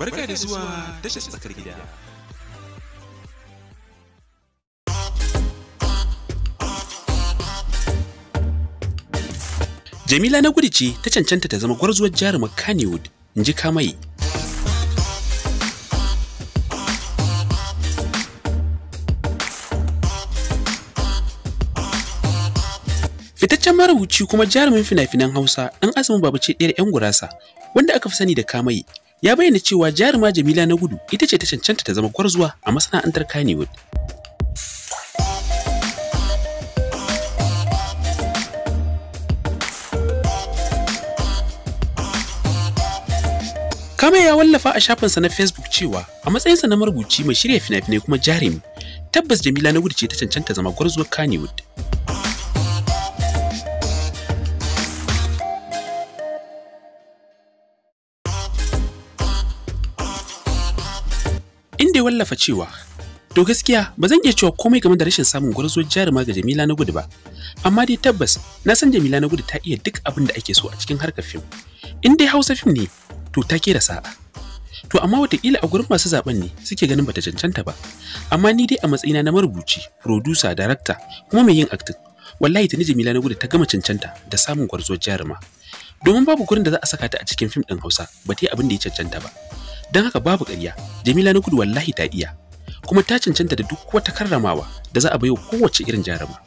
Barka da zuwa tashar tsakar gida. Jamila na gudu ce ta cancanta ta zama gwarzuwar jarumin Kannywood, in ji Kamai. Fitaccen marubuci kuma jarumin fina-finan Hausa ɗan azumin babu ce ɗaya 'yan gurasa, wanda aka fi sani da Kamai ya bayyana cewa jaruma Jamila na gudu ita ce ta cancanta ta zama kwarzuwa a masana'antar Kannywood. Kame ya wallafa a shafinsa na Facebook cewa a matsayinsa na marubuci mai shirya fina-finai kuma jarumi, tabbas Jamila na gudu ce ta cancanta zama gwarzuwar Kannywood. inda ya wallafa cewa to gaskiya ba zan iya cewa komai game da rashin samun gwarzo jaruma ga Jamila na gudu ba amma dai tabbas na san Jamila na gudu ta iya duk abin da ake so a cikin harkar fim in dai Hausa fim ne to ta ke da sa'a to amma watakila a gurin masu zaben ne suke ganin bata cancanta ba amma ni dai a matsayina na marubuci producer director kuma mai yin acting wallahi tuni Jamila na gudu ta gama cancanta da samun gwarzo jaruma domin babu gurin da za a saka ta a cikin fim ɗin Hausa ba ta yi abin da ya cancanta ba don haka babu ƙarya jamila na gudu wallahi ta iya kuma ta cancanta da duk wata karramawa da za a baiwa kowace irin jarama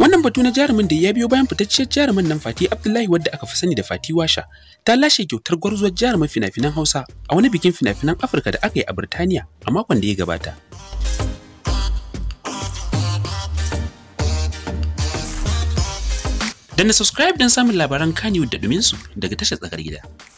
wannan batu na jarumin da ya biyo bayan fitacciyar jarumin nan Fati Abdullahi wadda aka fi sani da Fati Washa ta lashe kyautar gwarzuwar jarumin fina-finan Hausa a wani bikin fina-finan Afirka da aka yi a Birtaniya a makon da ya gabata. Dan na subscribe don samun labaran Kanye da dumin daga tashar tsakar gida.